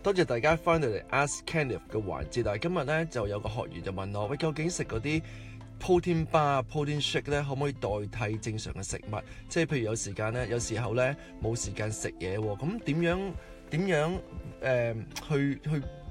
多謝大家翻到嚟 Ask Kenneth 嘅環節，但係今日咧就有個學員就問我喂，究竟食嗰啲 protein bar 啊、protein shake 咧，可唔可以代替正常嘅食物？即係譬如有時間咧，有時候咧冇時間食嘢喎，咁點樣點樣誒去、呃、去？去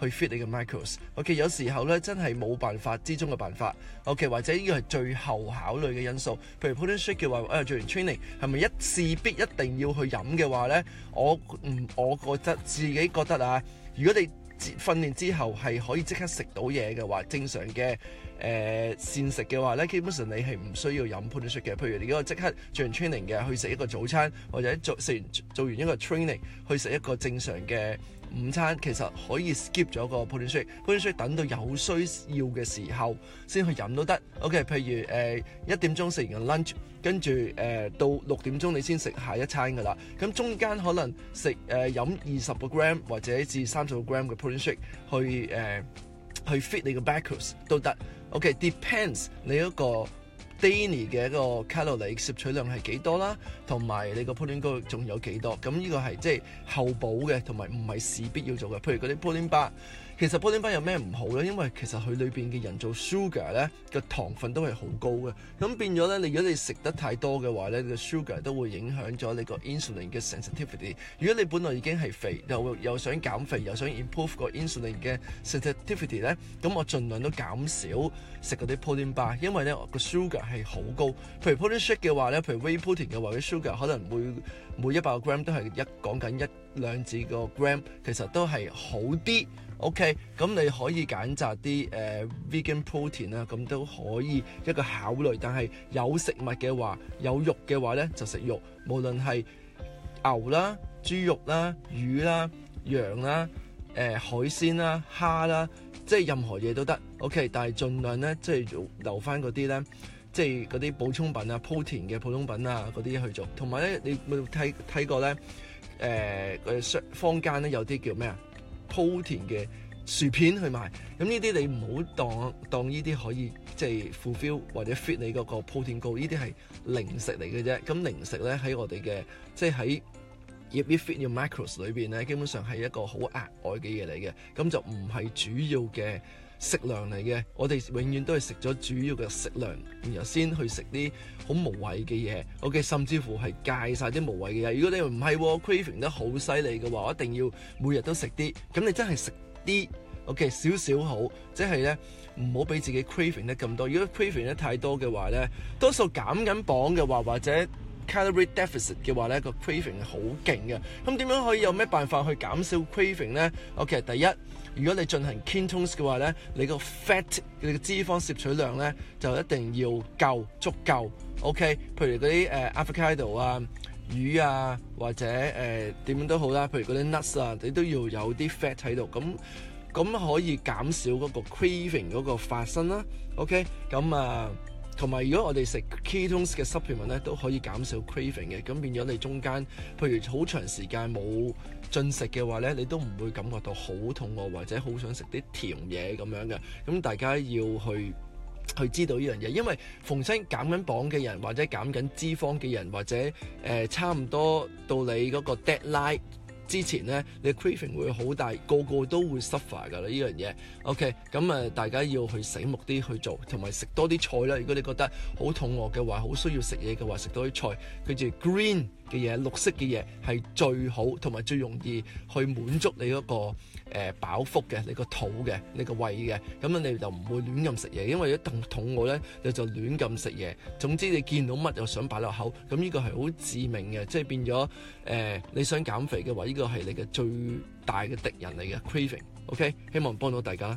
去 feed 你嘅 macros，ok o 有時候咧真係冇辦法之中嘅辦法，ok 或者呢個係最後考慮嘅因素。譬如 protein shake 話，誒、啊、做完 training 係咪一，必一定要去飲嘅話咧，我唔我覺得自己覺得啊，如果你訓練之後係可以即刻食到嘢嘅話，正常嘅誒膳食嘅話咧，基本上你係唔需要飲 protein shake 嘅。譬如你如果即刻做完 training 嘅去食一個早餐，或者做食完做完一個 training 去食一個正常嘅午餐其實可以 skip 咗個 protein shake，protein shake 等到有需要嘅時候先去飲都得，ok。譬如，誒一、呃、點鐘食完嘅 lunch，跟住誒、呃、到六點鐘你先食下一餐噶啦，咁中間可能食誒、呃、飲二十個 gram 或者至三十、呃 okay, 那個 gram 嘅 protein shake 去誒去 fit 你個 back 都得，ok，depends 你一個 Danny 嘅一個卡路里攝取量係幾多啦？同埋你個 protein go 仲有幾多？咁呢個係即係後補嘅，同埋唔係事必要做嘅。譬如嗰啲 protein bar。其實 protein bar 有咩唔好咧？因為其實佢裏邊嘅人造 sugar 咧嘅糖分都係好高嘅。咁變咗咧，你如果你食得太多嘅話咧，個 sugar 都會影響咗你個 insulin 嘅 sensitivity。如果你本來已經係肥又又想減肥又想 improve 個 insulin 嘅 sensitivity 咧，咁我儘量都減少食嗰啲 protein bar，因為咧個 sugar 係好高。譬如 protein shake 嘅話咧，譬如 vegan 嘅話，個 sugar 可能每每一百個 gram 都係一講緊一兩字個 gram，其實都係好啲。O K，咁你可以選擇啲誒、呃、vegan protein 啊，咁都可以一個考慮。但係有食物嘅話，有肉嘅話咧，就食肉。無論係牛啦、豬肉啦、魚啦、羊啦、誒、呃、海鮮啦、蝦啦，即係任何嘢都得。O、okay, K，但係盡量咧，即係留翻嗰啲咧，即係嗰啲補充品、品啊、protein 嘅補充品啊嗰啲去做。同埋咧，你有冇睇睇過咧？誒、呃，佢坊間咧有啲叫咩啊？鋪田嘅薯片去賣，咁呢啲你唔好當當呢啲可以即係、就是、fulfill 或者 fit 你嗰個鋪田糕，呢啲係零食嚟嘅啫。咁零食咧喺我哋嘅即係喺 if you fit your macros 裏邊咧，基本上係一個好額外嘅嘢嚟嘅，咁就唔係主要嘅。食糧嚟嘅，我哋永遠都係食咗主要嘅食糧，然後先去食啲好無謂嘅嘢，OK，甚至乎係戒晒啲無謂嘅嘢。如果你唔係 craving 得好犀利嘅話，我一定要每日都食啲。咁你真係食啲 OK，少少好，即係咧唔好俾自己 craving 得咁多。如果 craving 得太多嘅話咧，多數減緊磅嘅話或者。calorie deficit 嘅話咧，個 craving 係好勁嘅。咁點樣可以有咩辦法去減少 craving 咧？OK，第一，如果你進行 ketones 嘅話咧，你個 fat，你個脂肪攝取量咧就一定要夠足夠。OK，譬如嗰啲誒 avocado 啊、魚啊或者誒點樣都好啦，譬如嗰啲 nuts 啊，你都要有啲 fat 喺度，咁咁可以減少嗰個 craving 嗰個發生啦。OK，咁啊。同埋，如果我哋食 ketones 嘅 supplement 咧，都可以減少 craving 嘅，咁變咗你中間，譬如好長時間冇進食嘅話咧，你都唔會感覺到好肚餓或者好想食啲甜嘢咁樣嘅。咁大家要去去知道呢樣嘢，因為逢親減緊磅嘅人，或者減緊脂肪嘅人，或者誒、呃、差唔多到你嗰個 deadline 之前呢，你 craving 會好大，個個都會 suffer 㗎喇呢樣嘢。OK，咁啊，大家要去醒目啲去做，同埋食多啲菜啦。如果你覺得好肚餓嘅話，好需要食嘢嘅話，食多啲菜，跟住 green。嘅嘢，綠色嘅嘢係最好，同埋最容易去滿足你嗰、那個誒、呃、飽腹嘅，你個肚嘅，你個胃嘅，咁樣你就唔會亂咁食嘢，因為一肚餓咧，你就亂咁食嘢。總之你見到乜就想擺落口，咁呢個係好致命嘅，即係變咗誒、呃、你想減肥嘅話，呢個係你嘅最大嘅敵人嚟嘅 Craving。Craving, OK，希望幫到大家。